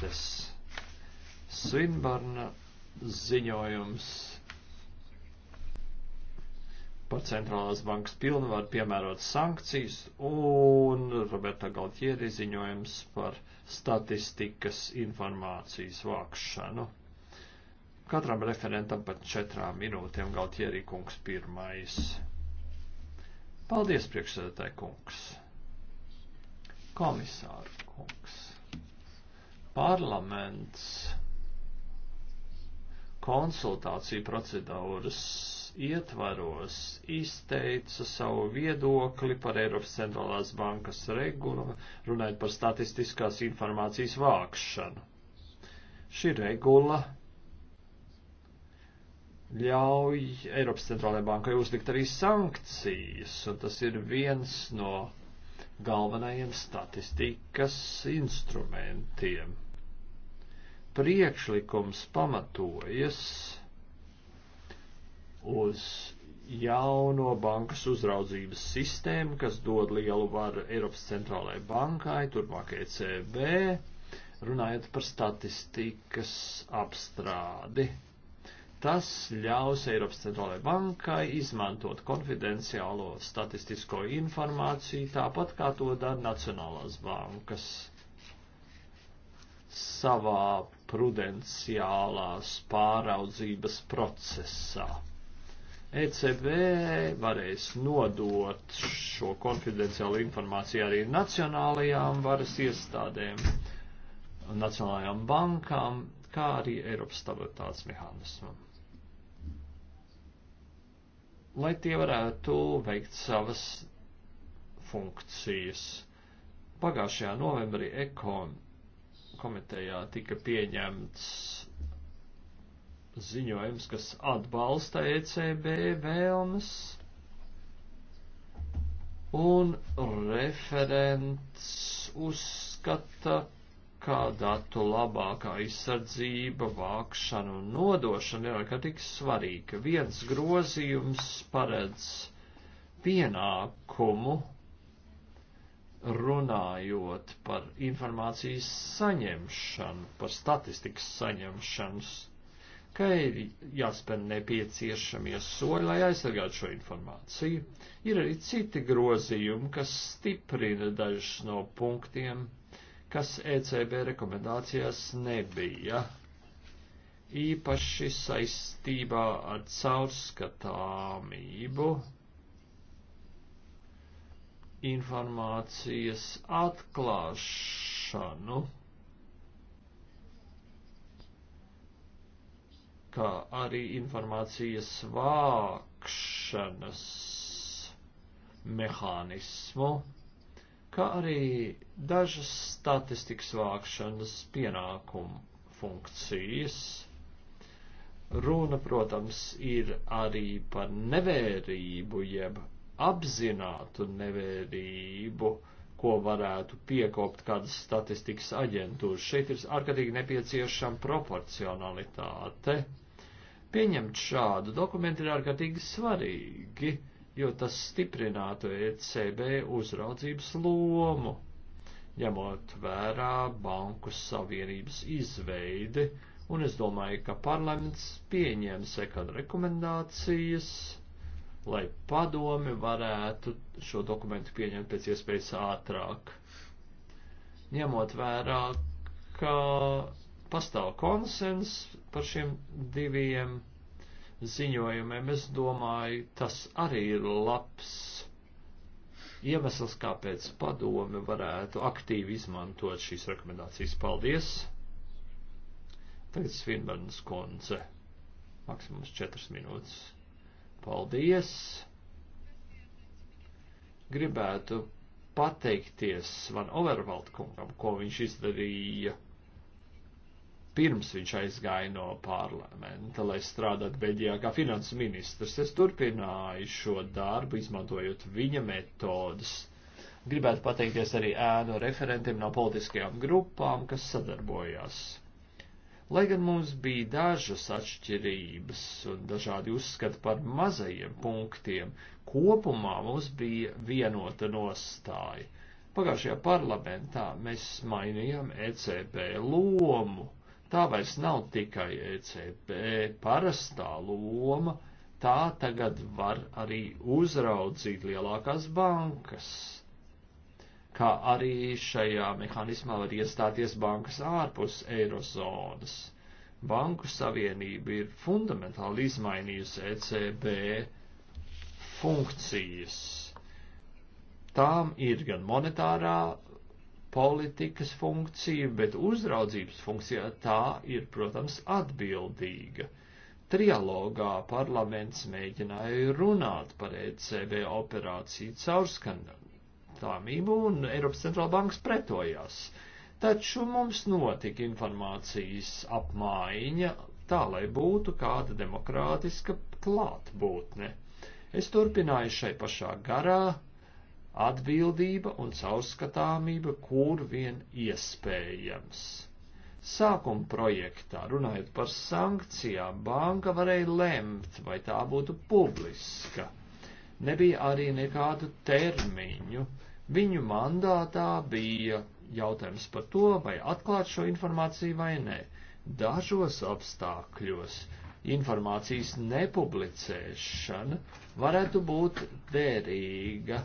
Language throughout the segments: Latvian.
debates. Svinbarna ziņojums par centrālās bankas pilnvaru piemērot sankcijas un Roberta Galtieri ziņojums par statistikas informācijas vākšanu. Katram referentam pat četrām minūtēm Galtieri kungs pirmais. Paldies, priekšsēdētāji kungs. Komisāru kungs. Parlaments konsultāciju procedūras ietvaros izteica savu viedokli par Eiropas centrālās bankas regulu, runājot par statistiskās informācijas vākšanu. Šī regula ļauj Eiropas centrālajai bankai uzlikt arī sankcijas, un tas ir viens no galvenajiem statistikas instrumentiem priekšlikums pamatojas uz jauno bankas uzraudzības sistēmu, kas dod lielu varu Eiropas centrālajai bankai, turpmāk ECB, runājot par statistikas apstrādi. Tas ļaus Eiropas centrālajai bankai izmantot konfidenciālo statistisko informāciju, tāpat kā to dara Nacionālās bankas savā makroprudenciālās pāraudzības procesā. ECB varēs nodot šo konfidenciālu informāciju arī nacionālajām varas iestādēm, nacionālajām bankām, kā arī Eiropas stabilitātes mehānismam. Lai tie varētu veikt savas funkcijas. Pagājušajā novembrī ekon komitejā tika pieņemts ziņojums, kas atbalsta ECB vēlmes, un referents uzskata, kā datu labākā aizsardzība, vākšana un nodošana ir ārkārtīgi svarīga. Viens grozījums paredz pienākumu runājot par informācijas saņemšanu, par statistikas saņemšanas, ka ir jāspēr nepieciešamie soļi, lai aizsargātu šo informāciju. Ir arī citi grozījumi, kas stiprina dažus no punktiem, kas ECB rekomendācijās nebija. Īpaši saistībā ar caurskatāmību informācijas atklāšanu, kā arī informācijas vākšanas mehānismu, kā arī dažas statistikas vākšanas pienākumu funkcijas. Runa, protams, ir arī par nevērību jeb apzinātu nevērību, ko varētu piekopt kādas statistikas aģentūras. Šeit ir ārkārtīgi nepieciešama proporcionalitāte. Pieņemt šādu dokumentu ir ārkārtīgi svarīgi, jo tas stiprinātu ECB uzraudzības lomu, ņemot vērā Banku Savienības izveidi, un es domāju, ka parlaments pieņems ekad rekomendācijas lai padomi varētu šo dokumentu pieņemt pēc iespējas ātrāk. Ņemot vērā, ka pastāv konsens par šiem diviem ziņojumiem, es domāju, tas arī ir labs iemesls, kāpēc padomi varētu aktīvi izmantot šīs rekomendācijas. Paldies! Tagad Svinbarnas konce. Maksimums četras minūtes. Paldies! Gribētu pateikties Van Overvald kungam, ko viņš izdarīja pirms viņš aizgāja no parlamenta, lai strādātu Beļģijā kā finanses ministrs. Es turpināju šo darbu, izmantojot viņa metodas. Gribētu pateikties arī ēnu referentiem no politiskajām grupām, kas sadarbojās. Lai gan mums bija dažas atšķirības un dažādi uzskati par mazajiem punktiem, kopumā mums bija vienota nostāja. Pagājušajā parlamentā mēs mainījām ECB lomu. Tā vairs nav tikai ECB parastā loma, tā tagad var arī uzraudzīt lielākās bankas kā arī šajā mehānismā var iestāties bankas ārpus eirozonas. Banku savienība ir fundamentāli izmainījusi ECB funkcijas. Tām ir gan monetārā politikas funkcija, bet uzraudzības funkcija tā ir, protams, atbildīga. Trialogā parlaments mēģināja runāt par ECB operāciju caurskandam caurskatāmību, un Eiropas centrāla bankas pretojās. Taču mums notika informācijas apmaiņa tā, lai būtu kāda demokrātiska klātbūtne. Es turpināju šai pašā garā atbildība un caurskatāmība, kur vien iespējams. Sākuma projektā, runājot par sankcijām, banka varēja lemt, vai tā būtu publiska. Nebija arī nekādu termiņu, Viņu mandātā bija jautājums par to, vai atklāt šo informāciju vai nē. Dažos apstākļos informācijas nepublicēšana varētu būt derīga,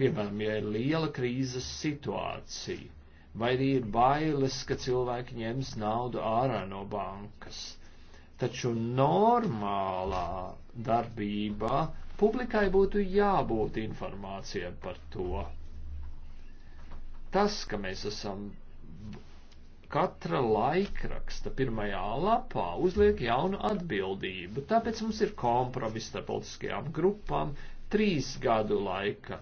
piemēram, ja ir liela krīzes situācija, vai arī ir bailes, ka cilvēki ņems naudu ārā no bankas. Taču normālā darbībā publikai būtu jābūt informācijai par to. Tas, ka mēs esam katra laikraksta pirmajā lapā uzliek jaunu atbildību, tāpēc mums ir kompromiss ar politiskajām grupām, trīs gadu laika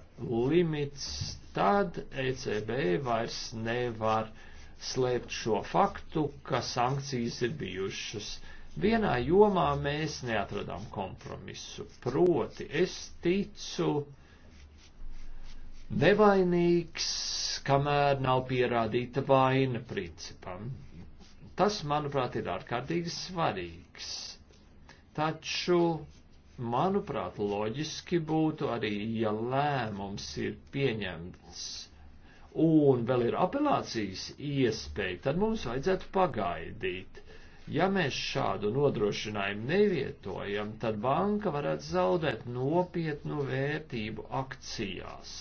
limits, tad ECB vairs nevar slēpt šo faktu, ka sankcijas ir bijušas. Vienā jomā mēs neatradām kompromisu, proti es ticu nevainīgs, kamēr nav pierādīta vaina principam. Tas, manuprāt, ir ārkārtīgi svarīgs. Taču, manuprāt, loģiski būtu arī, ja lēmums ir pieņemts un vēl ir apelācijas iespēja, tad mums vajadzētu pagaidīt. Ja mēs šādu nodrošinājumu nevietojam, tad banka varētu zaudēt nopietnu vērtību akcijās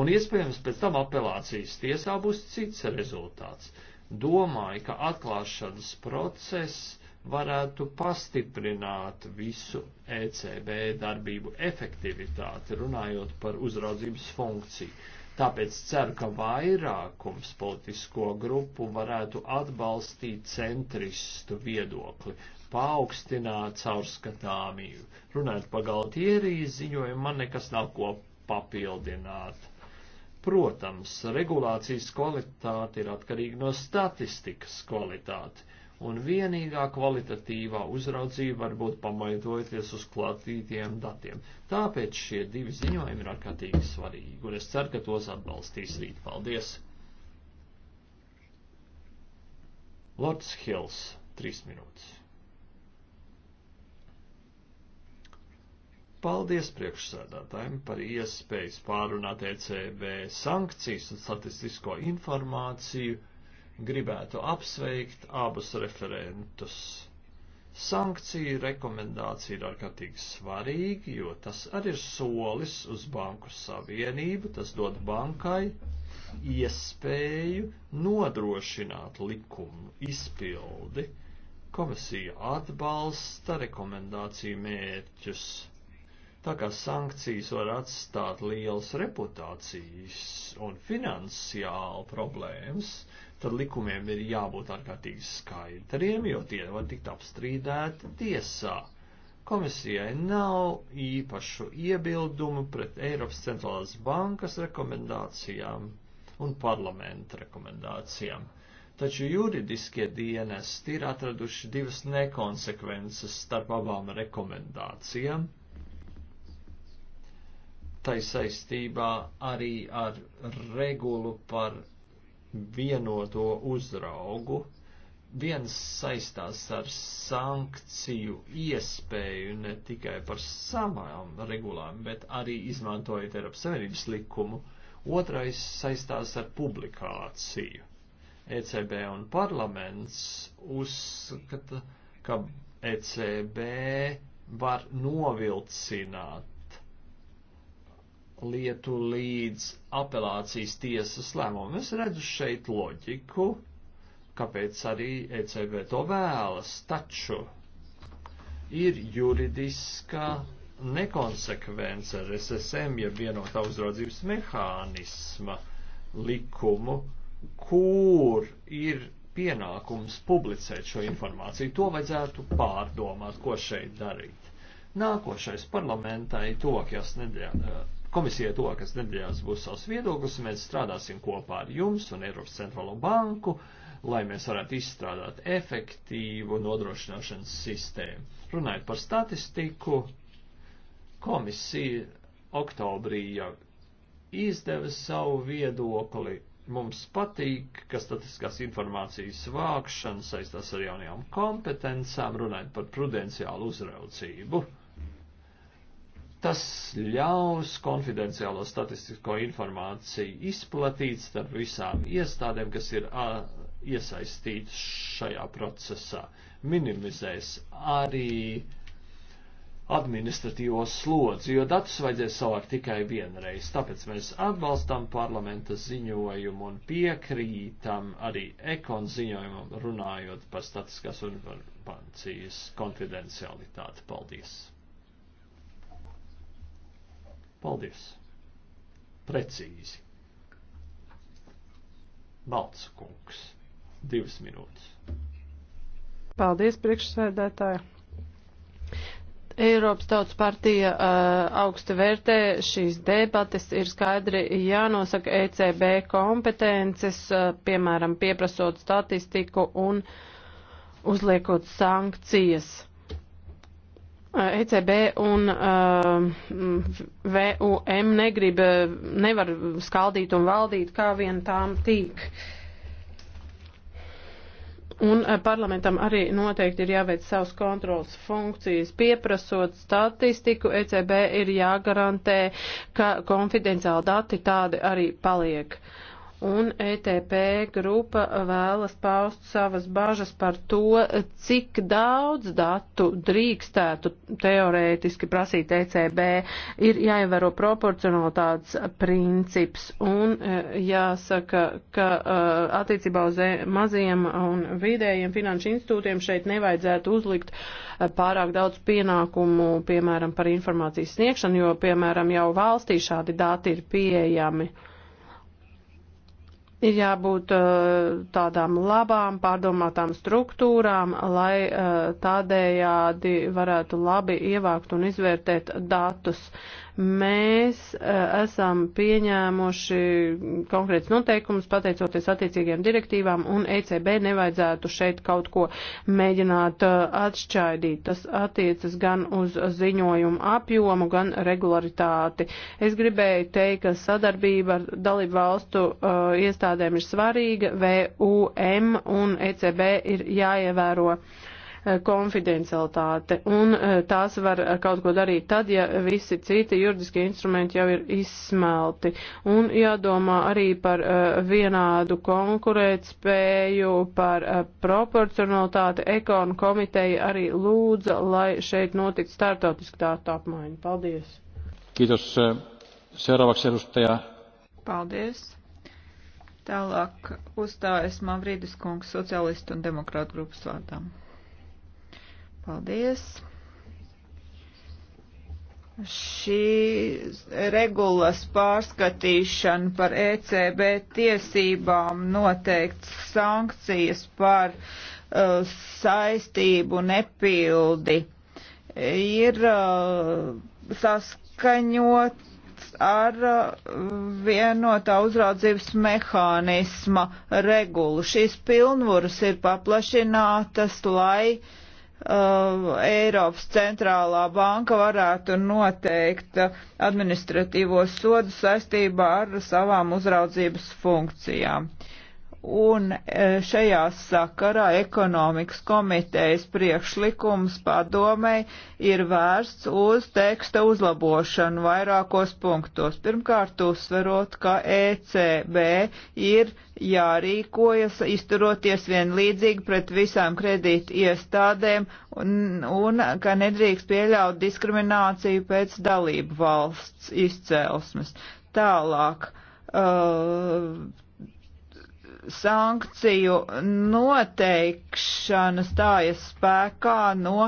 un iespējams pēc tam apelācijas tiesā būs cits rezultāts. Domāju, ka atklāšanas process varētu pastiprināt visu ECB darbību efektivitāti, runājot par uzraudzības funkciju. Tāpēc ceru, ka vairākums politisko grupu varētu atbalstīt centristu viedokli, paaugstināt caurskatāmību. Runājot par Galtierijas ziņojumu, man nekas nav ko papildināt Protams, regulācijas kvalitāte ir atkarīga no statistikas kvalitāti, un vienīgā kvalitatīvā uzraudzība var būt pamaidojoties uz klātītiem datiem. Tāpēc šie divi ziņojumi ir ārkārtīgi svarīgi, un es ceru, ka tos atbalstīs rīt. Paldies! Lords Hills, trīs minūtes. Paldies priekšsēdētājiem par iespējas pārunāt ECB sankcijas un statistisko informāciju. Gribētu apsveikt abus referentus. Sankcija rekomendācija ir ārkārtīgi svarīga, jo tas arī ir solis uz banku savienību, tas dod bankai iespēju nodrošināt likumu izpildi. Komisija atbalsta rekomendāciju mērķus tā kā sankcijas var atstāt lielas reputācijas un finansiālu problēmas, tad likumiem ir jābūt ārkārtīgi skaidriem, jo tie var tikt apstrīdēti tiesā. Komisijai nav īpašu iebildumu pret Eiropas centrālās bankas rekomendācijām un parlamenta rekomendācijām. Taču juridiskie dienesti ir atraduši divas nekonsekvences starp abām rekomendācijām tai saistībā arī ar regulu par vienoto uzraugu. Viens saistās ar sankciju iespēju ne tikai par samām regulām, bet arī izmantojot Eiropas Savienības likumu. Otrais saistās ar publikāciju. ECB un parlaments uzskata, ka ECB var novilcināt lietu līdz apelācijas tiesas lēmumam. Es redzu šeit loģiku, kāpēc arī ECB to vēlas, taču ir juridiska nekonsekvence ar SSM, ja vienotā uzraudzības mehānisma likumu, kur ir pienākums publicēt šo informāciju. To vajadzētu pārdomāt, ko šeit darīt. Nākošais parlamentai tokajās nedēļās Komisija tuvākās nedēļās būs savs viedoklis, un mēs strādāsim kopā ar jums un Eiropas centrālo banku, lai mēs varētu izstrādāt efektīvu nodrošināšanas sistēmu. Runājot par statistiku, komisija oktobrī jau izdeva savu viedokli mums patīk, ka statistiskās informācijas vākšana saistās ar jaunajām kompetencām, runājot par prudenciālu uzraucību. Tas ļaus konfidenciālo statistisko informāciju izplatīt starp visām iestādēm, kas ir iesaistītas šajā procesā. Minimizēs arī administratīvo slodzi, jo datus vajadzēs savākt tikai vienreiz. Tāpēc mēs atbalstam parlamenta ziņojumu un piekrītam arī ekon ziņojumam runājot par statiskās informācijas konfidencialitāti. Paldies! Paldies! Precīzi. Balts kungs. Divas minūtes. Paldies, priekšsēdētāji. Eiropas Tautas partija uh, augstu vērtē šīs debates, ir skaidri jānosaka ECB kompetences, uh, piemēram, pieprasot statistiku un uzliekot sankcijas. ECB un uh, VUM negrib, nevar skaldīt un valdīt, kā vien tām tīk. Un uh, parlamentam arī noteikti ir jāveic savas kontrolas funkcijas. Pieprasot statistiku, ECB ir jāgarantē, ka konfidenciāli dati tādi arī paliek. Uh, un ETP grupa vēlas paust savas bažas par to, cik daudz datu drīkstētu teorētiski prasīt ECB. Ir jāievēro proporcionalitātes princips un e, jāsaka, ka e, attiecībā uz e, maziem un vidējiem finanšu institūtiem šeit nevajadzētu uzlikt pārāk daudz pienākumu, piemēram, par informācijas sniegšanu, jo, piemēram, jau valstī šādi dati ir pieejami ir jābūt uh, tādām labām, pārdomātām struktūrām, lai uh, tādējādi varētu labi ievākt un izvērtēt datus. Mēs uh, esam pieņēmuši konkrēts noteikums, pateicoties attiecīgiem direktīvām, un ECB nevajadzētu šeit kaut ko mēģināt uh, atšķaidīt. Tas attiecas gan uz ziņojumu apjomu, gan regularitāti. Es gribēju teikt, ka sadarbība ar dalību valstu uh, iestādēm ir svarīga, VUM un ECB ir jāievēro. Uh, Eh, konfidencialitāte, un eh, tās var eh, kaut ko darīt tad, ja visi citi juridiskie instrumenti jau ir izsmelti, un jādomā arī par vienādu konkurētspēju, par proporcionalitāti. Ekonu komiteja arī lūdza, lai šeit notiktu startautiska datu apmaiņa. Paldies! Kiitos. Seuraavaksi edustaja. Paldies. Tālāk uzstājas Mavridis kungs sociālistu un demokrātu grupas vārdām. Paldies. Šī regulas pārskatīšana par ECB tiesībām noteikts sankcijas par uh, saistību nepildi ir uh, saskaņots ar uh, vienotā uzraudzības mehānisma regulu. Šīs pilnvaras ir paplašinātas, lai uh, Uh, Eiropas centrālā banka varētu noteikt administratīvos sodus saistībā ar savām uzraudzības funkcijām. Uh, Un e, šajā sakarā ekonomikas komitejas priekšlikums padomei ir vērsts uz teksta uzlabošanu vairākos punktos. Pirmkārt, uzsverot, ka ECB ir jārīkojas, izturoties vienlīdzīgi pret visām kredīti iestādēm un, un ka nedrīkst pieļaut diskrimināciju pēc dalību valsts izcelsmes. Tālāk. Uh, sankciju noteikšana stājas spēkā no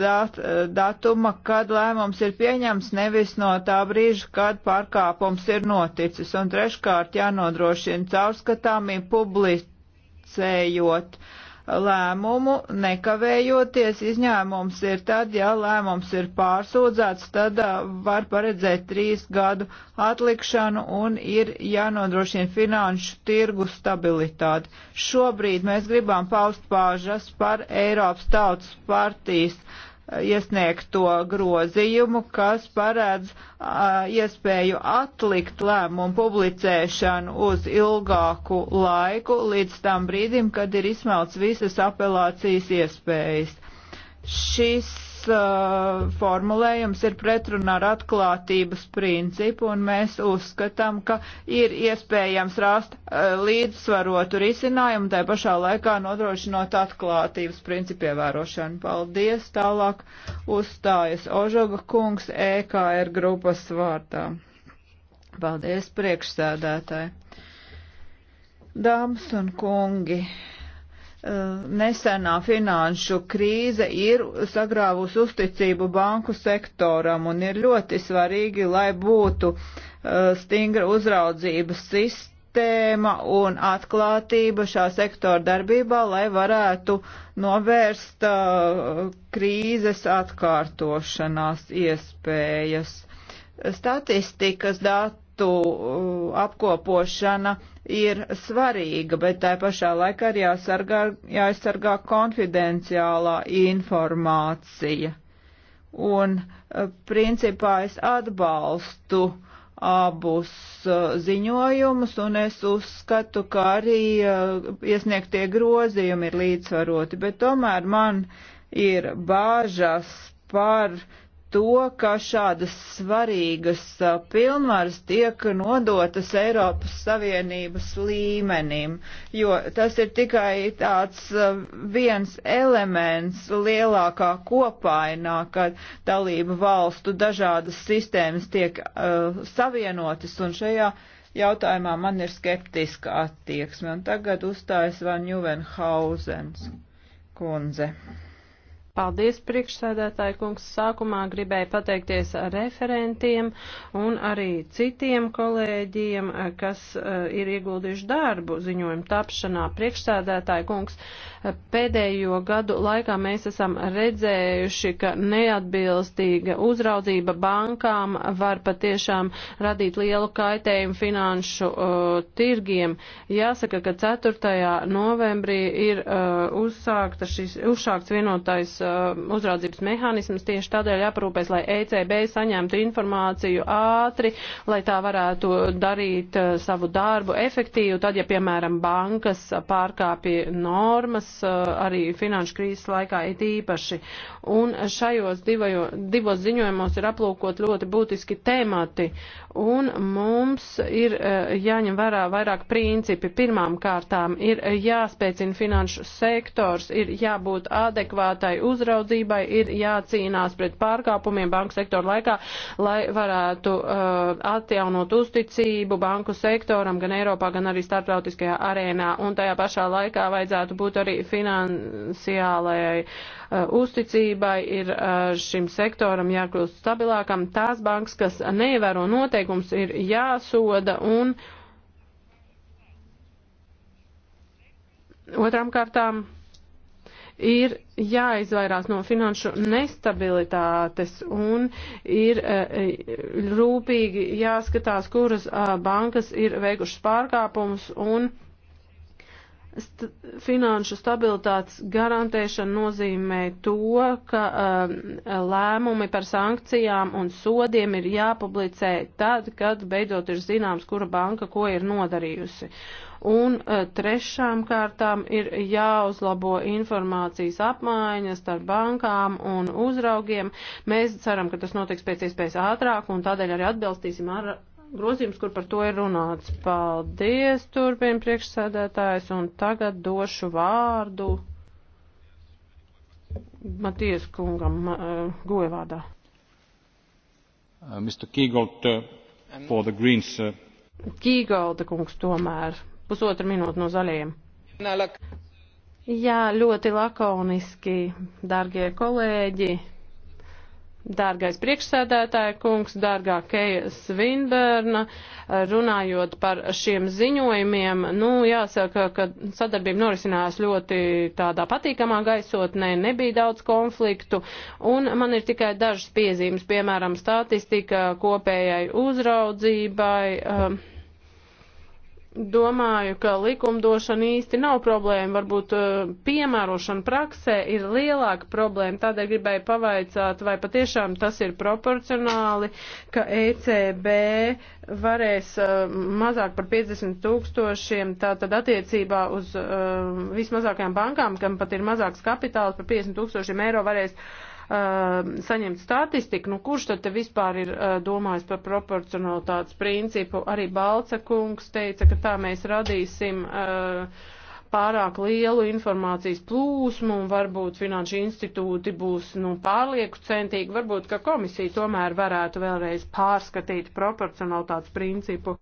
dat, datuma, kad lēmums ir pieņems, nevis no tā brīža, kad pārkāpums ir noticis. Un treškārt jānodrošina caurskatāmību publicējot uh, lēmumu nekavējoties. Izņēmums ir tad, ja lēmums ir pārsūdzēts, tad var paredzēt trīs gadu atlikšanu un ir jānodrošina finanšu tirgu stabilitāti. Šobrīd mēs gribam paust pāžas par Eiropas tautas partijas iesniegto grozījumu, kas paredz a, iespēju atlikt lēmumu publicēšanu uz ilgāku laiku līdz tam brīdim, kad ir izsmelts visas apelācijas iespējas. Šis uh, formulējums ir pretrunā ar atklātības principu, un mēs uzskatām, ka ir iespējams rast uh, līdzsvarotu risinājumu, tai pašā laikā nodrošinot atklātības principu ievērošanu. Paldies! Tālāk uzstājas Ožoga kungs EKR grupas vārtā. Paldies priekšsēdētāji! Dāmas un kungi! Eh, nesenā finanšu krīze ir sagrāvusi uzticību banku sektoram un ir ļoti svarīgi, lai būtu eh, stingra uzraudzības sistēma un atklātība šā sektora darbībā, lai varētu novērst eh, krīzes atkārtošanās iespējas. Statistikas datu apkopošana ir svarīga, bet tā pašā laikā ir jāsargā, jāaizsargā konfidenciālā informācija. Un e, principā es atbalstu abus e, ziņojumus, un es uzskatu, ka arī e, iesniegtie grozījumi ir līdzsvaroti, bet tomēr man ir bāžas par uh, to, ka šādas svarīgas pilnvaras tiek nodotas Eiropas Savienības līmenim, jo tas ir tikai tāds viens elements lielākā kopainā, kad dalību valstu dažādas sistēmas tiek uh, savienotas un šajā jautājumā man ir skeptiska attieksme. Un tagad uzstājas Van Juvenhausens kundze. Paldies, priekšsēdētāji kungs. Sākumā gribēju pateikties referentiem un arī citiem kolēģiem, kas eh, ir ieguldījuši darbu ziņojumu tapšanā. Priekšsēdētāji kungs, eh, pēdējo gadu laikā mēs esam redzējuši, ka neatbilstīga uzraudzība bankām var patiešām radīt lielu kaitējumu finanšu uh, tirgiem. Jāsaka, ka 4. novembrī ir uh, uzsākta šis, uzsākts vienotais Uh, uzraudzības mehānisms, tieši tādēļ jāparūpēs, lai ECB saņemtu informāciju ātri, lai tā varētu darīt uh, savu darbu efektīvu, tad, ja, piemēram, bankas pārkāpja normas, uh, arī finanšu krīzes laikā it īpaši. Un šajos divajo, divos ziņojumos ir aplūkot ļoti būtiski temati, un mums ir jāņem vērā vairāk principi. Pirmām kārtām ir jāspēcina finanšu sektors, ir jābūt adekvātai uz uzraudzībai ir jācīnās pret pārkāpumiem banku sektoru laikā, lai varētu uh, atjaunot uzticību banku sektoram gan Eiropā, gan arī starptautiskajā arēnā. Un tajā pašā laikā vajadzētu būt arī finansiālajai uh, uzticībai, ir uh, šim sektoram jākļūst stabilākam. Tās bankas, kas neievēro noteikums, ir jāsoda un. Otram kārtām ir jāizvairās no finanšu nestabilitātes un ir eh, rūpīgi jāskatās, kuras eh, bankas ir veikušas pārkāpumus un st finanšu stabilitātes garantēšana nozīmē to, ka um, lēmumi par sankcijām un sodiem ir jāpublicē tad, kad beidzot ir zināms, kura banka ko ir nodarījusi. Un eh, trešām kārtām ir jāuzlabo informācijas apmaiņas ar bankām un uzraugiem. Mēs ceram, ka tas notiks pēc iespējas ātrāk un tādēļ arī atbalstīsim ar grozījums, kur par to ir runāts. Paldies, turpina priekšsēdētājs, un tagad došu vārdu Matijas kungam eh, uh, gojvādā. Uh, Mr. Um, Kīgolt, uh, for the Greens. Uh... Kīgolda kungs tomēr Pusotru minūtu no zaļajiem. Jā, ļoti lakoniski, dārgie kolēģi. Dārgais priekšsēdētāja kungs, dārgā Keja Svinberna, runājot par šiem ziņojumiem, nu, jāsaka, ka sadarbība norisinājās ļoti tādā patīkamā gaisotnē, nebija daudz konfliktu, un man ir tikai dažas piezīmes, piemēram, statistika kopējai uzraudzībai. Uh, domāju, ka likumdošana īsti nav problēma, varbūt eh, piemērošana praksē ir lielāka problēma, tādēļ gribēju pavaicāt, vai patiešām tas ir proporcionāli, ka ECB varēs eh, mazāk par 50 tūkstošiem, tātad attiecībā uz eh, vismazākajām bankām, kam pat ir mazāks kapitāls par 50 tūkstošiem eiro varēs Um, saņemt statistiku, nu kurš tad te vispār ir uh, domājis par proporcionalitātes principu? Arī Balca kungs teica, ka tā mēs radīsim uh, pārāk lielu informācijas plūsmu un varbūt finanšu institūti būs nu, pārlieku centīgi, varbūt, ka komisija tomēr varētu vēlreiz pārskatīt proporcionalitātes principu.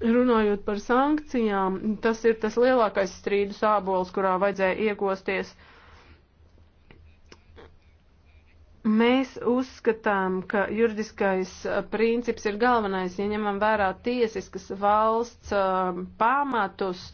Runājot par sankcijām, tas ir tas lielākais strīdu sābols, kurā vajadzēja iegosties uh, Mēs uzskatām, ka juridiskais uh, princips ir galvenais, ja ņemam vērā tiesiskas valsts uh, pamatus.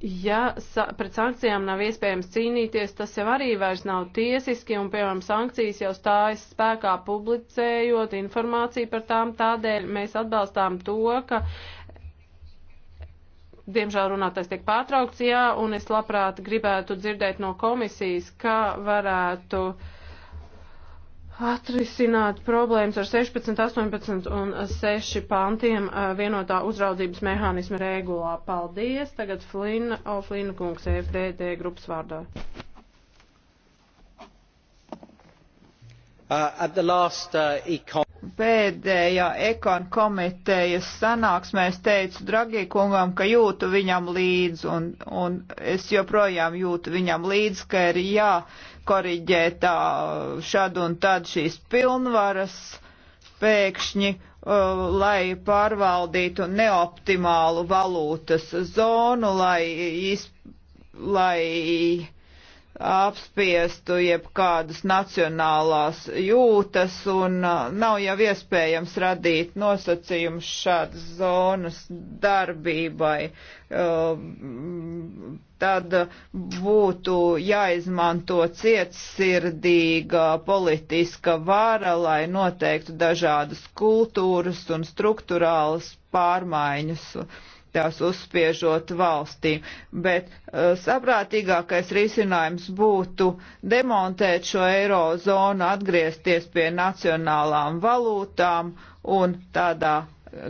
Ja sa pret sankcijām nav iespējams cīnīties, tas jau arī vairs nav tiesiski, un, piemēram, sankcijas jau stājas spēkā publicējot informāciju par tām, tādēļ mēs atbalstām to, ka uh, diemžēl runātais tiek pārtraukts, jā, un es labprāt gribētu dzirdēt no komisijas, kā varētu uh, atrisināt problēmas ar 16, 18 un 6 pantiem vienotā uzraudzības mehānisma regulā. Paldies! Tagad Flina, o Flina kungs, FDD grupas vārdā. Uh, last, uh, econ... Pēdējā ekon komitejas sanāksmē es teicu Dragī kungam, ka jūtu viņam līdzi, un, un es joprojām jūtu viņam līdzi, ka ir jā. Ja jākoriģē tā šad un tad šīs pilnvaras pēkšņi, uh, lai pārvaldītu neoptimālu valūtas zonu, lai, iz, lai apspiestu jebkādas nacionālās jūtas un nav jau iespējams radīt nosacījumus šādas zonas darbībai. Tad būtu jāizmanto cietsirdīga politiska vara, lai noteiktu dažādas kultūras un struktūrālas pārmaiņas tās uzspiežot valstīm. Bet uh, saprātīgākais risinājums būtu demontēt šo eirozonu, atgriezties pie nacionālām valūtām un tādā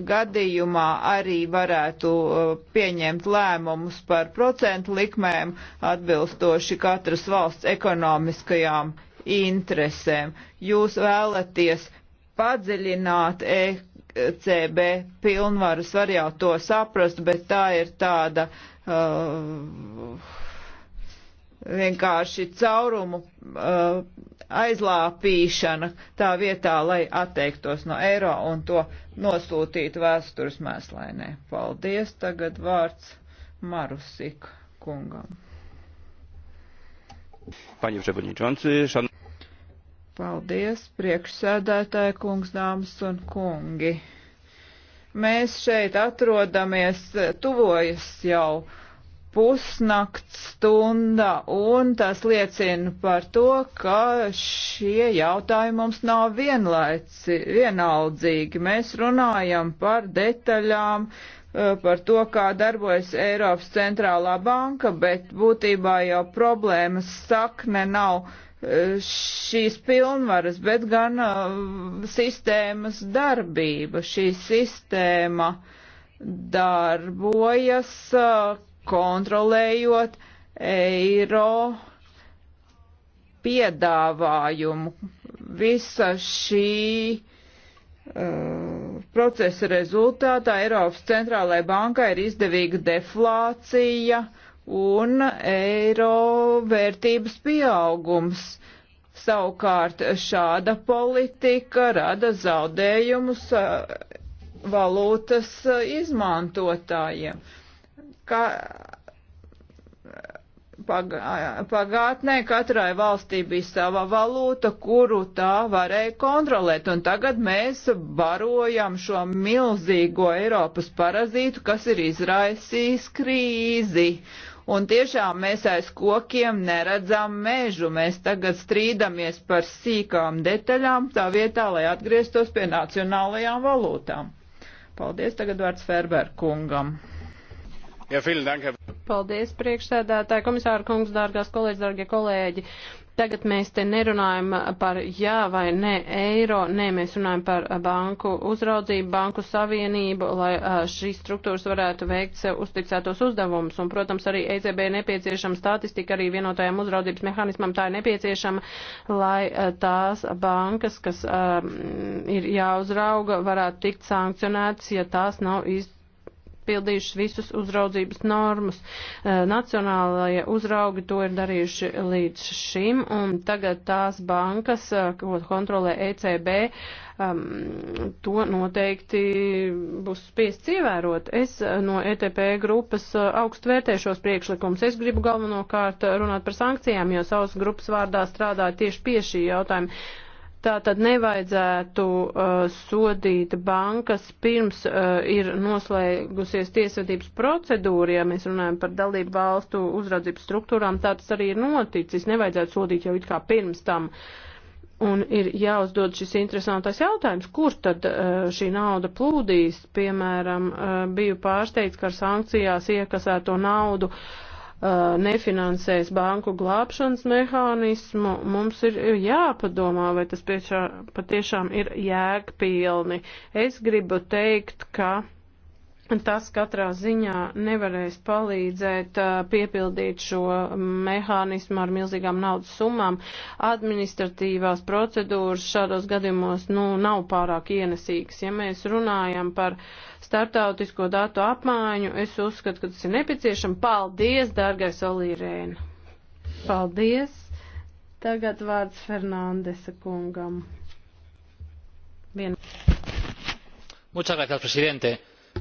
gadījumā arī varētu eh, pieņemt lēmumus par procentu likmēm atbilstoši katras valsts ekonomiskajām interesēm. Jūs vēlaties padziļināt e ECB pilnvaras var jau to saprast, bet tā ir tāda uh, vienkārši caurumu uh, aizlāpīšana tā vietā, lai atteiktos no eiro un to nosūtītu vēstures mēslainē. Paldies, tagad vārds Marusik kungam. Panie Przewodniczący, Szanowni Paldies, priekšsēdētāji, kungs, dāmas un kungi. Mēs šeit atrodamies, tuvojas jau pusnakts stunda, un tas liecina par to, ka šie jautājumi mums nav vienlaici, vienaldzīgi. Mēs runājam par detaļām, eh, par to, kā darbojas Eiropas centrālā banka, bet būtībā jau problēmas sakne nav šīs pilnvaras, bet gan uh, sistēmas darbība. Šī sistēma darbojas uh, kontrolējot eiro piedāvājumu. Visa šī uh, procesa rezultātā Eiropas centrālajai bankai ir izdevīga deflācija, uh, un eiro vērtības pieaugums. Savukārt šāda politika rada zaudējumus valūtas izmantotājiem. Kā pagātnē katrai valstī bija sava valūta, kuru tā varēja kontrolēt, un tagad mēs barojam šo milzīgo Eiropas parazītu, kas ir izraisījis krīzi. Un tiešām mēs aiz kokiem neredzam mežu. Mēs tagad strīdamies par sīkām detaļām tā vietā, lai atgrieztos pie nacionālajām valūtām. Paldies, tagad vārds Ferber kungam. Ja, vielen Dank, Herr Paldies, priekšsēdētāji, komisāra kungs, dārgās kolēģis, dārgie kolēģi. Tagad mēs te nerunājam par jā vai nē eiro, nē, mēs runājam par banku uzraudzību, banku savienību, lai šīs struktūras varētu veikt sev uzticētos uzdevumus. Un, protams, arī ECB ir nepieciešama statistika, arī vienotajam uzraudzības mehānismam tā ir nepieciešama, lai tās bankas, kas ir jāuzrauga, varētu tikt sankcionētas, ja tās nav izdevumas izpildījušas visus uzraudzības normas. Nacionālajie uzraugi to ir darījuši līdz šim, un tagad tās bankas, ko kontrolē ECB, um, to noteikti būs spiests ievērot. Es no ETP grupas augstu vērtēšos priekšlikums. Es gribu galvenokārt runāt par sankcijām, jo savas grupas vārdā strādāju tieši pie šī jautājuma. Tā tad nevajadzētu uh, sodīt bankas pirms uh, ir noslēgusies tiesvedības procedūra, ja mēs runājam par dalību valstu uzraudzības struktūrām, tā tas arī ir noticis. Nevajadzētu sodīt jau it kā pirms tam. Un ir jāuzdod šis interesantais jautājums, kur tad uh, šī nauda plūdīs. Piemēram, uh, biju pārsteigts, ka ar sankcijās iekasēto naudu uh, Uh, nefinansēs banku glābšanas mehānismu, mums ir jāpadomā, vai tas piešā, patiešām ir jēgpilni. Es gribu teikt, ka Tas katrā ziņā nevarēs palīdzēt piepildīt šo mehānismu ar milzīgām naudas summām. Administratīvās procedūras šādos gadījumos nu, nav pārāk ienesīgas. Ja mēs runājam par startautisko datu apmaiņu, es uzskatu, ka tas ir nepieciešams. Paldies, dārgais Olīrēna! Paldies! Tagad vārds Fernandesa kungam. Vien. Muchas gracias, presidente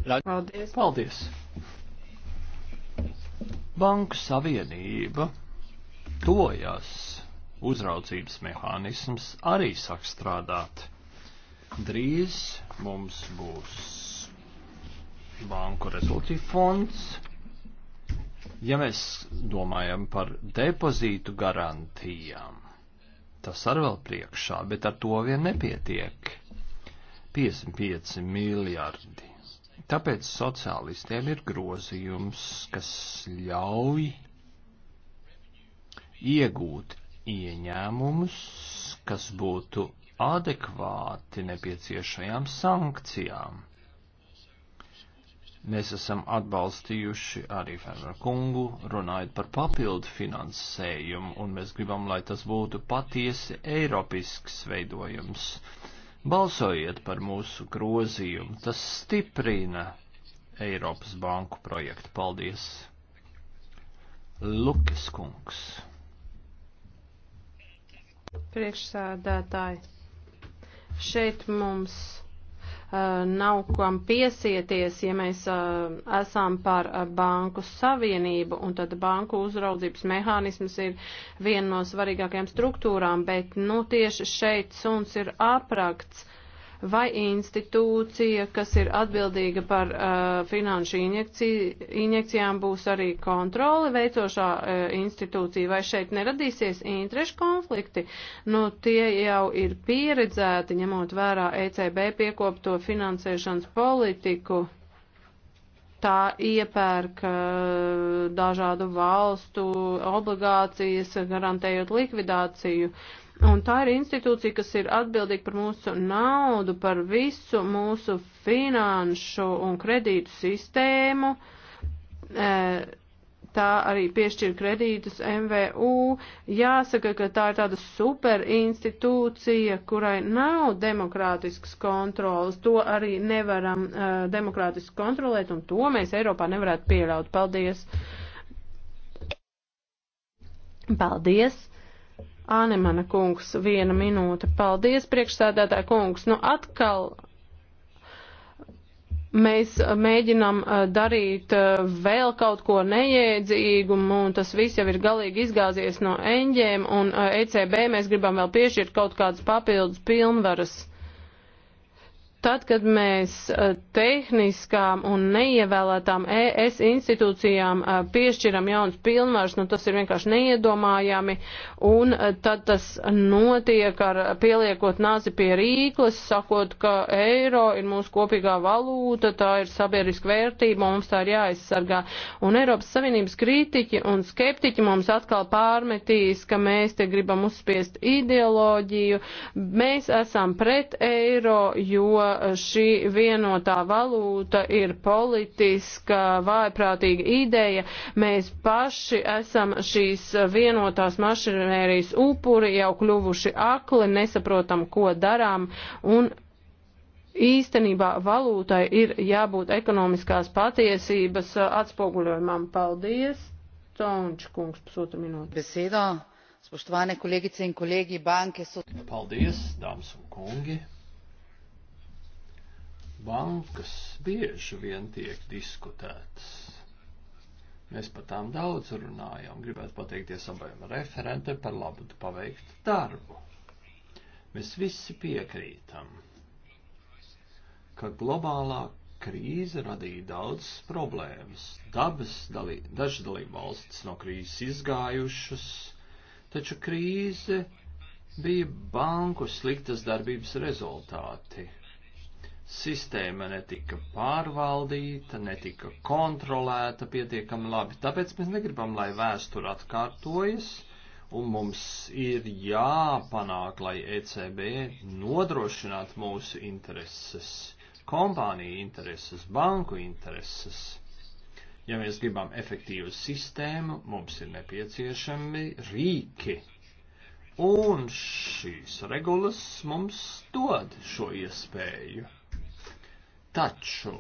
Paldies! Paldies. Banku savienība tojas, uzraudzības mehānisms arī sāk strādāt. Drīz mums būs banku rezultātu fonds. Ja mēs domājam par depozītu garantijām, tas ar vēl priekšā, bet ar to vien nepietiek. 55 miljardi Tāpēc sociālistiem ir grozījums, kas ļauj iegūt ieņēmumus, kas būtu adekvāti nepieciešajām sankcijām. Mēs esam atbalstījuši arī Ferra kungu, runājot par papildu finansējumu, un mēs gribam, lai tas būtu patiesi eiropisks veidojums. Uh, Balsojiet par mūsu grozījumu, tas stiprina Eiropas banku projektu. Paldies! Lukas kungs. Priekšsēdētāji, šeit mums Eh, nav kam piesieties, ja mēs eh, esam par eh, banku savienību, un tad banku uzraudzības mehānisms ir viena no svarīgākajām struktūrām, bet, nu, tieši šeit suns ir aprakts vai institūcija, kas ir atbildīga par uh, finanšu injekcijām, būs arī kontroli veicošā uh, institūcija, vai šeit neradīsies interešu konflikti. Nu, tie jau ir pieredzēti, ņemot vērā ECB piekopto finansēšanas politiku. Tā iepērk uh, dažādu valstu obligācijas, garantējot likvidāciju. Uh, Un tā ir institūcija, kas ir atbildīga par mūsu naudu, par visu mūsu finanšu un kredītu sistēmu. E, tā arī piešķir kredītus MVU. Jāsaka, ka tā ir tāda super institūcija, kurai nav demokrātisks kontrols. To arī nevaram uh, demokrātiski kontrolēt, un to mēs Eiropā nevarētu pieļaut. Paldies! Paldies! Ānemana kungs, viena minūte. Paldies, priekšsēdētāja kungs. Nu, atkal mēs mēģinam eh, darīt eh, vēl kaut ko neiedzīgu, un tas viss jau ir galīgi izgāzies no eņģiem, un ECB eh, e mēs gribam vēl piešķirt kaut kādas papildus pilnvaras. Tad, kad mēs e, tehniskām un neievēlētām ES institūcijām e, piešķiram jaunas pilnvaras, nu tas ir vienkārši neiedomājami, un e, tad tas notiek ar pieliekot nāzi pie rīkles, sakot, ka eiro ir mūsu kopīgā valūta, tā ir sabiedriska vērtība, mums tā ir jāaizsargā. Un Eiropas Savienības kritiķi un skeptiķi mums atkal pārmetīs, ka mēs te gribam uzspiest ideoloģiju, mēs esam pret eiro, jo ka šī vienotā valūta ir politiska, vājprātīga ideja. Mēs paši esam šīs vienotās mašinērijas upuri, jau kļuvuši akli, nesaprotam, ko darām. Un īstenībā valūtai ir jābūt ekonomiskās patiesības atspoguļojumam. Paldies! Caunč, kungs, pusotru minūti. Besēdā, spoštovane kolegice in kolegi, banke so. Paldies, dāmas un kungi! bankas bieži vien tiek diskutētas. Mēs par tām daudz runājam, gribētu pateikties abiem referentiem par labu paveiktu darbu. Mēs visi piekrītam, ka globālā krīze radīja daudzas problēmas. Dabas dalī, dažas dalība valstis no krīzes izgājušas, taču krīze bija banku sliktas darbības rezultāti sistēma netika pārvaldīta, netika kontrolēta pietiekami labi. Tāpēc mēs negribam, lai vēsture atkārtojas, un mums ir jāpanāk, lai ECB nodrošinātu mūsu intereses, kompāniju intereses, banku intereses. Ja mēs gribam efektīvu sistēmu, mums ir nepieciešami rīki. Un šīs regulas mums dod šo iespēju. Taču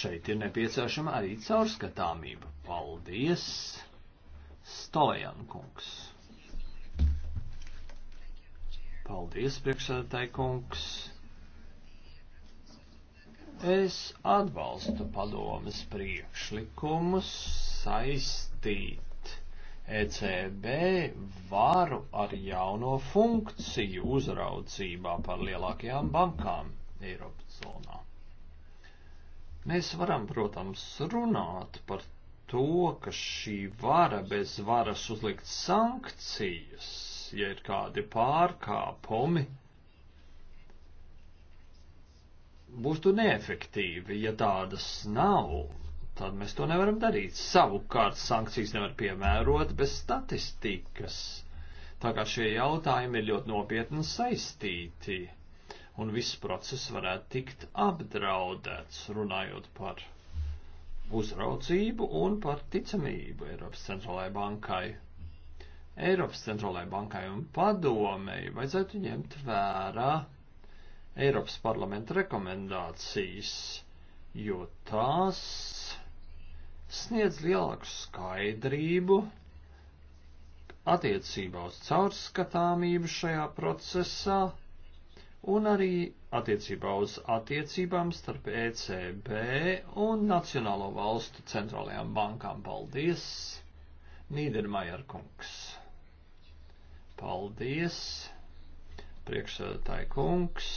šeit ir nepieciešama arī caurskatāmība. Paldies, Stolojan kungs! Paldies, priekšsēdētāji kungs! Es atbalstu padomas priekšlikumus saistīt ECB varu ar jauno funkciju uzraudzībā par lielākajām bankām. Eiropas zonā. Mēs varam, protams, runāt par to, ka šī vara bez varas uzlikt sankcijas, ja ir kādi pārkāpumi, būtu neefektīvi, ja tādas nav. Tad mēs to nevaram darīt. Savukārt sankcijas nevar piemērot bez statistikas. Tā kā šie jautājumi ir ļoti nopietni saistīti un viss process varētu tikt apdraudēts, runājot par uzraucību un par ticamību Eiropas centrālajai bankai. Eiropas centrālajai bankai un padomēji vajadzētu ņemt vērā Eiropas parlamenta rekomendācijas, jo tās sniedz lielāku skaidrību attiecībā uz caurskatāmību šajā procesā un arī attiecībā uz attiecībām starp ECB un Nacionālo valstu centrālajām bankām. Paldies, Nīdermajer kungs! Paldies, priekšsēdētāji kungs!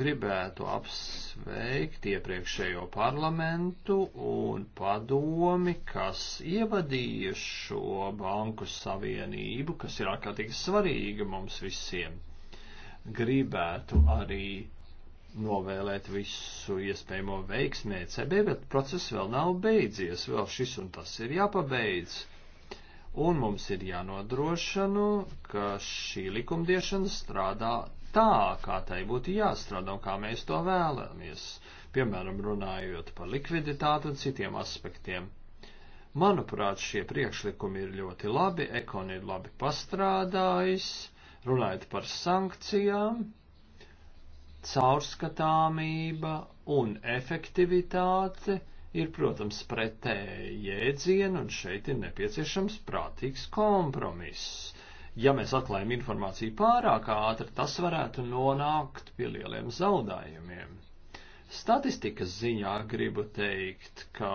Gribētu apsveikt iepriekšējo parlamentu un padomi, kas ievadīja šo banku savienību, kas ir ārkārtīgi svarīga mums visiem gribētu arī novēlēt visu iespējamo veiksmē ECB, bet process vēl nav beidzies, vēl šis un tas ir jāpabeidz. Un mums ir jānodrošina, ka šī likumdiešana strādā tā, kā tai būtu jāstrādā un kā mēs to vēlamies, piemēram, runājot par likviditāti un citiem aspektiem. Manuprāt, šie priekšlikumi ir ļoti labi, ekon ir labi pastrādājis Runājot par sankcijām, caurskatāmība un efektivitāte ir, protams, pretēji jēdzieni, un šeit ir nepieciešams prātīgs kompromiss. Ja mēs atklājam informāciju pārāk ātri, tas varētu nonākt pie lieliem zaudējumiem. Statistikas ziņā gribu teikt, ka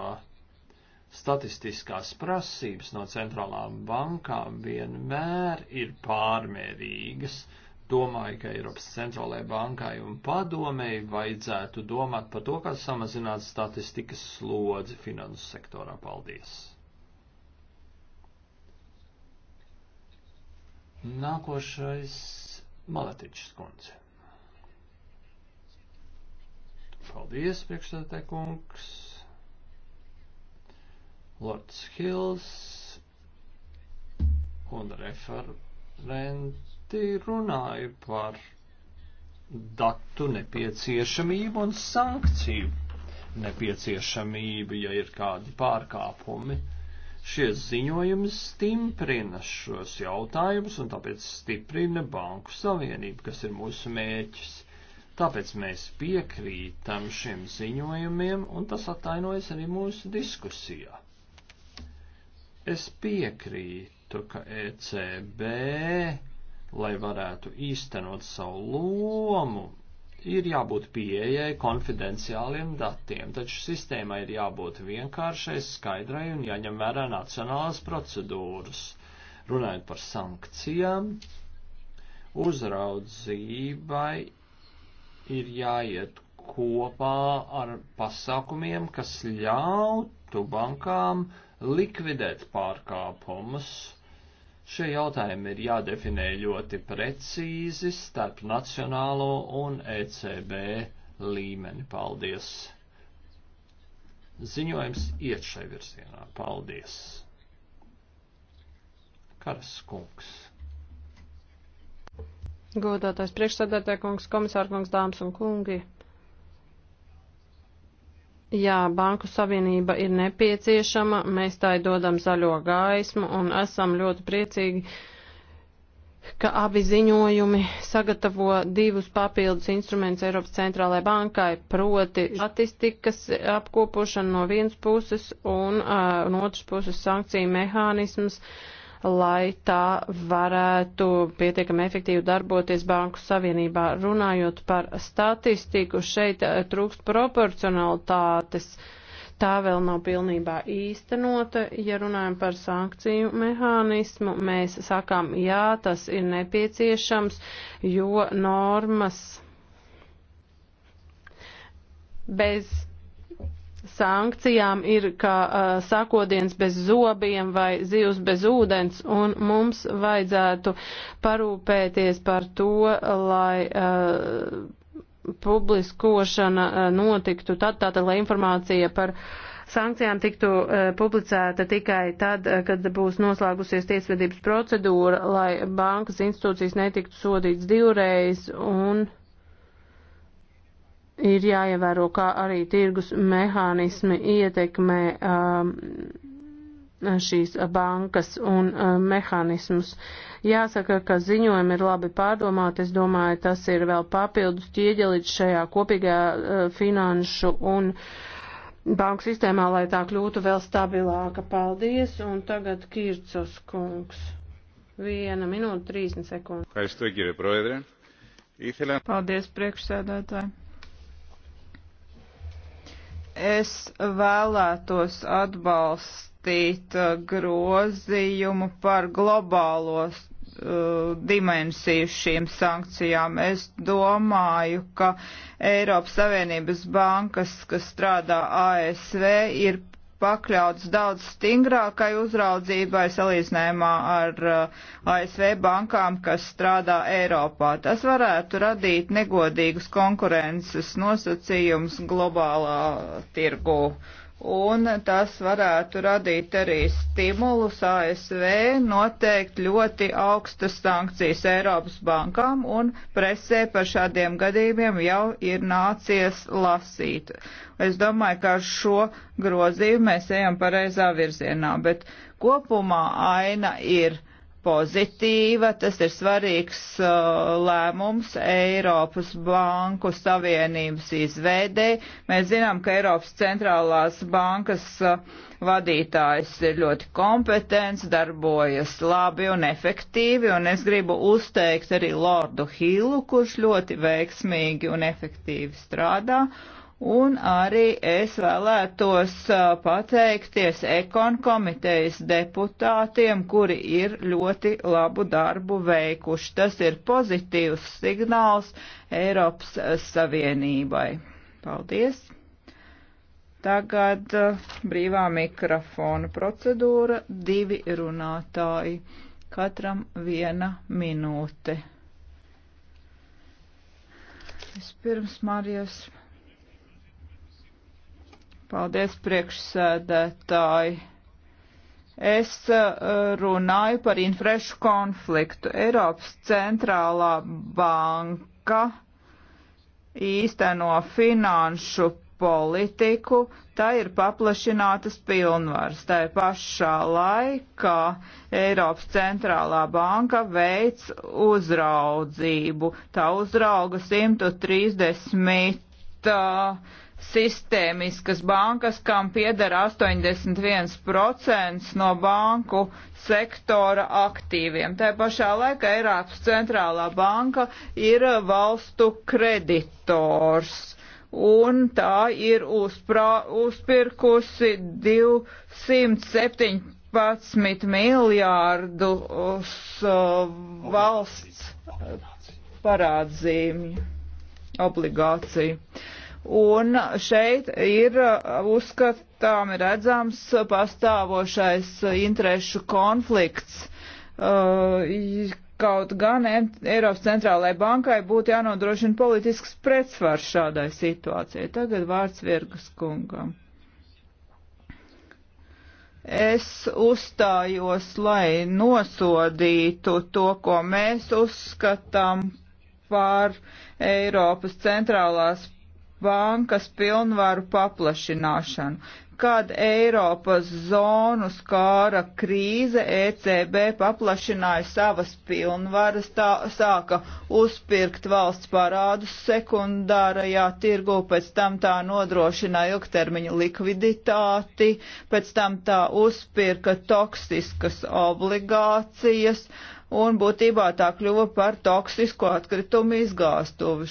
statistiskās prasības no centrālām bankām vienmēr ir pārmērīgas. Domāju, ka Eiropas centrālajai bankai un padomēji vajadzētu domāt par to, kā samazināt statistikas slodzi finanses sektorā. Paldies! Nākošais Maletičs kundze. Paldies, priekšstādātāj kungs! Lords Hills un referenti runāja par datu nepieciešamību un sankciju nepieciešamību, ja ir kādi pārkāpumi. Šie ziņojumi stiprina šos jautājumus un tāpēc stiprina Banku Savienību, kas ir mūsu mēķis. Tāpēc mēs piekrītam šiem ziņojumiem, un tas atainojas arī mūsu diskusijā. Es piekrītu, ka ECB, lai varētu īstenot savu lomu, ir jābūt pieejai konfidenciāliem datiem, taču sistēmai ir jābūt vienkāršai, skaidrai un jāņem vērā nacionālās procedūras. Runājot par sankcijām, uzraudzībai ir jāiet kopā ar pasākumiem, kas ļautu bankām uh, likvidēt pārkāpumus. Šie jautājumi ir jādefinē ļoti precīzi starp nacionālo un ECB līmeni. Paldies! Ziņojums iet šai virzienā. Paldies! Karas kungs. Godātais priekšsēdētāja kungs, komisāra kungs, dāmas un kungi. Jā, Banku Savienība ir nepieciešama, mēs tai dodam zaļo gaismu un esam ļoti priecīgi, ka abi ziņojumi sagatavo divus papildus instrumentus Eiropas centrālajai bankai, proti statistikas apkopošana no vienas puses un uh, no otras puses sankciju mehānisms. Uh, lai tā varētu pietiekami efektīvi darboties Banku Savienībā. Runājot par statistiku, šeit eh, trūkst proporcionalitātes. Tā vēl nav pilnībā īstenota. Ja runājam par sankciju mehānismu, mēs sakām, jā, tas ir nepieciešams, jo normas bez sankcijām ir kā uh, sakodiens bez zobiem vai zivs bez ūdens, un mums vajadzētu parūpēties par to, lai uh, publiskošana uh, notiktu tad, tātad, lai informācija par sankcijām tiktu uh, publicēta tikai tad, uh, kad būs noslēgusies tiesvedības procedūra, lai bankas institūcijas netiktu sodīts divreiz un. Uh, ir jāievēro, kā arī tirgus mehānismi ietekmē um, šīs bankas un um, mehānismus. Jāsaka, ka ziņojumi ir labi pārdomāti. Es domāju, tas ir vēl papildus ķieģelīts šajā kopīgajā uh, finanšu un banku sistēmā, lai tā kļūtu vēl stabilāka. Paldies! Un tagad Kircos kungs. Viena minūte, trīsdesmit sekundes. Paldies, priekšsēdētāji! Es vēlētos atbalstīt uh, grozījumu par globālos uh, dimensiju šīm sankcijām. Es domāju, ka Eiropas Savienības bankas, kas strādā ASV, ir pakļauts daudz stingrākai uzraudzībai salīdzinājumā ar uh, ASV bankām, kas strādā Eiropā. Tas varētu radīt negodīgus konkurences nosacījumus globālā tirgu un tas varētu radīt arī stimulus ASV noteikt ļoti augstas sankcijas Eiropas bankām, un presē par šādiem gadījumiem jau ir nācies lasīt. Es domāju, ka ar šo grozījumu mēs ejam pareizā virzienā, bet kopumā aina ir pozitīva. Tas ir svarīgs uh, lēmums Eiropas Banku Savienības izveidē. Mēs zinām, ka Eiropas centrālās bankas uh, vadītājs ir ļoti kompetents, darbojas labi un efektīvi, un es gribu uzteikt arī Lordu Hillu, kurš ļoti veiksmīgi un efektīvi strādā. Uh, Un arī es vēlētos pateikties ekon komitejas deputātiem, kuri ir ļoti labu darbu veikuši. Tas ir pozitīvs signāls Eiropas Savienībai. Paldies! Tagad brīvā mikrofona procedūra, divi runātāji, katram viena minūte. Vispirms Marijas. Paldies, priekšsēdētāji. Es eh, runāju par infrešu konfliktu. Eiropas centrālā banka īsteno finanšu politiku, tā ir paplašinātas pilnvaras. Tā ir pašā laikā Eiropas centrālā banka veic uzraudzību. Tā uzrauga 130 uh, sistēmiskas bankas, kam pieder 81% no banku sektora aktīviem. Tā pašā laikā Eiropas centrālā banka ir valstu kreditors. Un tā ir uzprā, uzpirkusi 217 miljārdus uh, valsts parādzīmju obligāciju. Un šeit ir uh, uzskatām redzams pastāvošais uh, interešu konflikts. Uh, kaut gan Eiropas centrālajai bankai būtu jānodrošina politisks pretsvars šādai situācijai. Tagad vārds Virgas kungam. Es uzstājos, lai nosodītu to, ko mēs uzskatām par Eiropas centrālās bankas pilnvaru paplašināšanu. Kad Eiropas zonu skāra krīze, ECB paplašināja savas pilnvaras, tā sāka uzpirkt valsts parādus sekundārajā tirgu, pēc tam tā nodrošināja ilgtermiņa likviditāti, pēc tam tā uzpirka toksiskas obligācijas, uh, un būtībā tā kļuva par toksisko atkritumu izgāstuvu,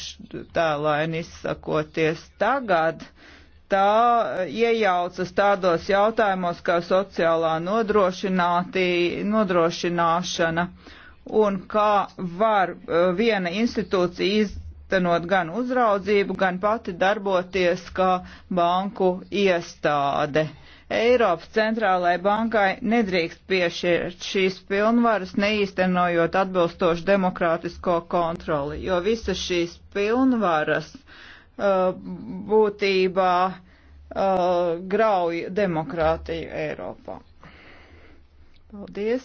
tēlaini izsakoties. Tagad tā iejaucas tādos jautājumos kā sociālā nodrošināšana un kā var e, viena institūcija iztenot gan uzraudzību, gan pati darboties kā banku iestāde Eiropas centrālai bankai nedrīkst piešķirt šīs pilnvaras, neīstenojot atbilstošu demokrātisko kontroli, jo visas šīs pilnvaras uh, būtībā uh, grauj demokrātiju Eiropā. Paldies.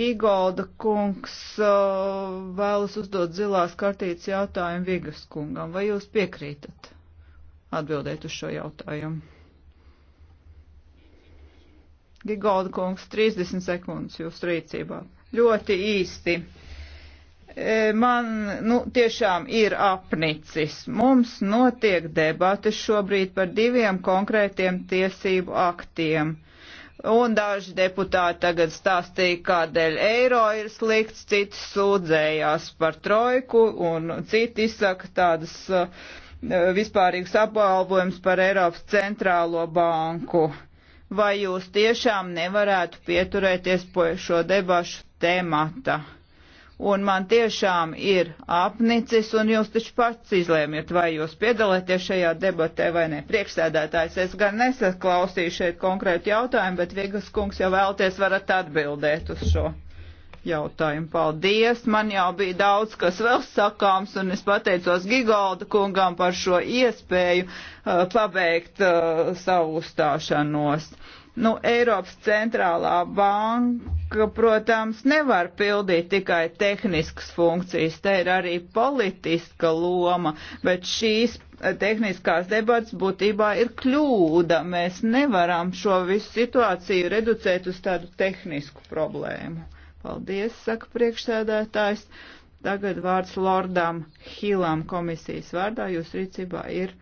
Gigolda kungs uh, vēlas uzdot zilās kartītes jautājumu Vigas kungam. Vai jūs piekrītat? atbildēt uz šo jautājumu. Gigolda kungs, 30 sekundes jūsu rīcībā. Ļoti īsti. E, man nu, tiešām ir apnicis. Mums notiek debates šobrīd par diviem konkrētiem tiesību aktiem. Un daži deputāti tagad stāstīja, kādēļ eiro ir slikts, citi sūdzējās par trojku, un citi izsaka tādas uh, vispārīgs apbalvojums par Eiropas centrālo banku. Vai jūs tiešām nevarētu pieturēties pie šo debašu temata? Un man tiešām ir apnicis, un jūs taču pats izlēmiet, vai jūs piedalāties šajā debatē vai ne. Priekšsēdētājs, es gan nesaklausīju šeit konkrētu jautājumu, bet Viegas kungs, ja vēlties, varat atbildēt uz šo jautājumu. Paldies! Man jau bija daudz, kas vēl sakāms, un es pateicos Gigolda kungam par šo iespēju uh, pabeigt uh, savu uzstāšanos. Nu, Eiropas centrālā banka, protams, nevar pildīt tikai tehniskas funkcijas, te ir arī politiska loma, bet šīs eh, tehniskās debats būtībā ir kļūda. Mēs nevaram šo visu situāciju reducēt uz tādu tehnisku problēmu. Paldies, saka priekšsēdētājs. Tagad vārds Lordam Hilam komisijas vārdā. Jūs rīcībā ir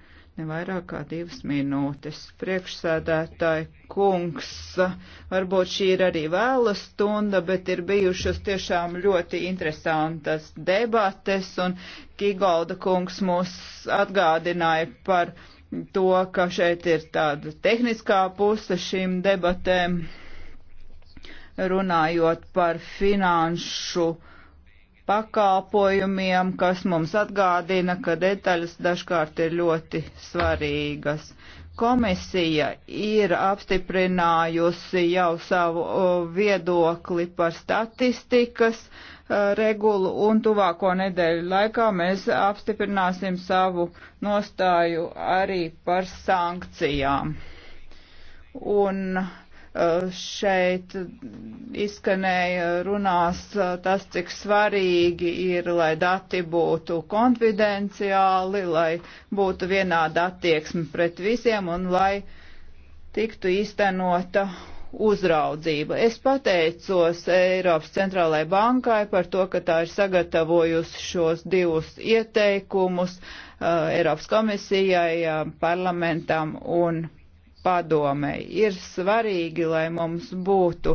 nevairāk kā divas minūtes. Priekšsēdētāji kungs, varbūt šī ir arī vēla stunda, bet ir bijušas tiešām ļoti interesantas debates, un Kigolda kungs mūs atgādināja par to, ka šeit ir tāda tehniskā puse šīm debatēm runājot par finanšu pakalpojumiem, kas mums atgādina, ka detaļas dažkārt ir ļoti svarīgas. Komisija ir apstiprinājusi jau savu viedokli par statistikas e, regulu un tuvāko nedēļu laikā mēs apstiprināsim savu nostāju arī par sankcijām. Un Eh, šeit izskanēja runās eh, tas, cik svarīgi ir, lai dati būtu konfidenciāli, lai būtu vienāda attieksme pret visiem un lai tiktu īstenota uzraudzība. Es pateicos Eiropas centrālajai bankai par to, ka tā ir sagatavojusi šos divus ieteikumus uh, Eiropas komisijai, uh, parlamentam un padomei. Ir svarīgi, lai mums būtu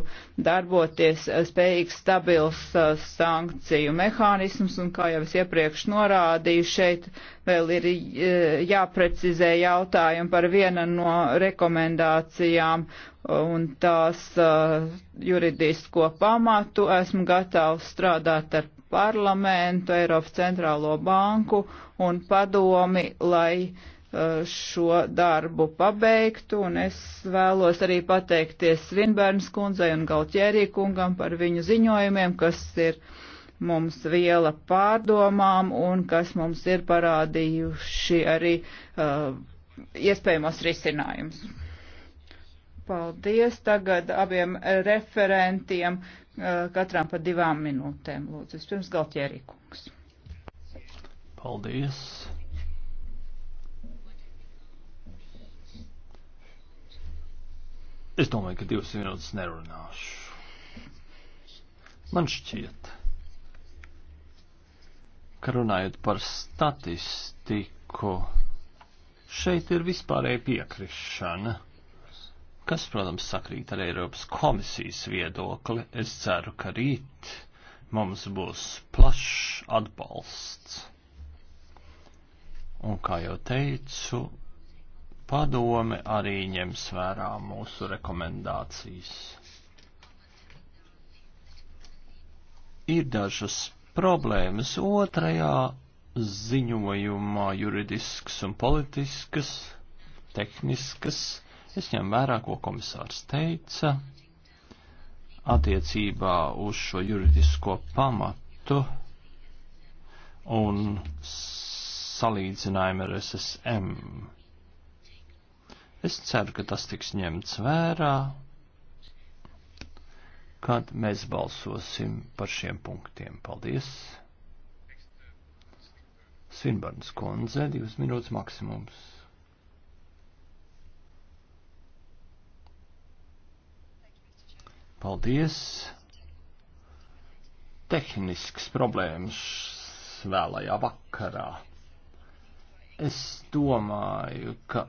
darboties spējīgs stabils uh, sankciju mehānisms, un kā jau es iepriekš norādīju, šeit vēl ir uh, jāprecizē jautājumi par viena no rekomendācijām un tās uh, juridisko pamatu. Esmu gatavs strādāt ar parlamentu, Eiropas centrālo banku un padomi, lai Eh, šo darbu pabeigtu, un es vēlos arī pateikties Svinbērnas kundzei un Galtjērī kungam par viņu ziņojumiem, kas ir mums viela pārdomām un kas mums ir parādījuši arī uh, iespējamos risinājumus. Paldies tagad abiem referentiem, uh, katram pa divām minūtēm. Lūdzu, vispirms Galtjērī kungs. Paldies. Es domāju, ka divas minūtes nerunāšu. Man šķiet, ka runājot par statistiku, šeit ir vispārēja piekrišana kas, protams, sakrīt ar Eiropas komisijas viedokli. Es ceru, ka rīt mums būs plašs atbalsts. Un, kā jau teicu, padome arī ņems vērā mūsu rekomendācijas. Ir dažas problēmas otrajā ziņojumā juridisks un politiskas, tehniskas. Es ņem vērā, ko komisārs teica attiecībā uz šo juridisko pamatu un salīdzinājumu ar SSM Es ceru, ka tas tiks ņemts vērā, kad mēs balsosim par šiem punktiem. Paldies! Svinbarnas kundze, divas minūtes maksimums. Paldies! Tehnisks problēmas vēlajā vakarā. Es domāju, ka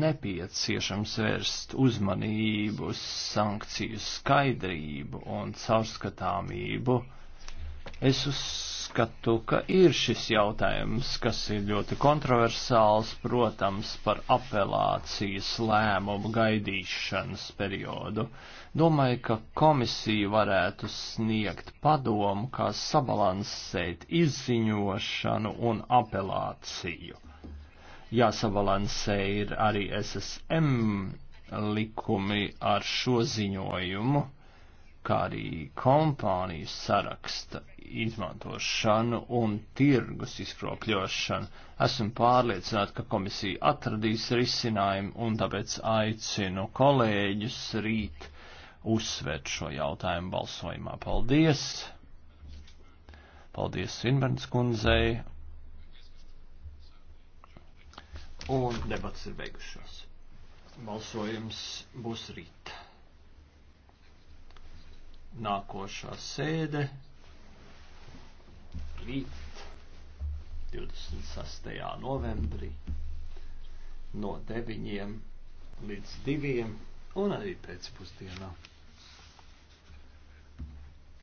nepieciešams vērst uzmanību uz sankciju skaidrību un caurskatāmību. Es uzskatu, ka ir šis jautājums, kas ir ļoti kontroversāls, protams, par apelācijas lēmumu gaidīšanas periodu. Domāju, ka komisija varētu sniegt padomu, kā sabalansēt izziņošanu un apelāciju jāsabalansē ir arī SSM likumi ar šo ziņojumu, kā arī kompāniju saraksta izmantošanu un tirgus izkropļošanu. Esmu pārliecināta, ka komisija atradīs risinājumu un tāpēc aicinu kolēģus rīt uzsvērt šo jautājumu balsojumā. Paldies! Paldies Svinbērns kundzei Un debats ir beigušās. Balsojums būs rīt. Nākošā sēde rīt 26. novembrī no 9 līdz 2 un arī pēcpusdienā.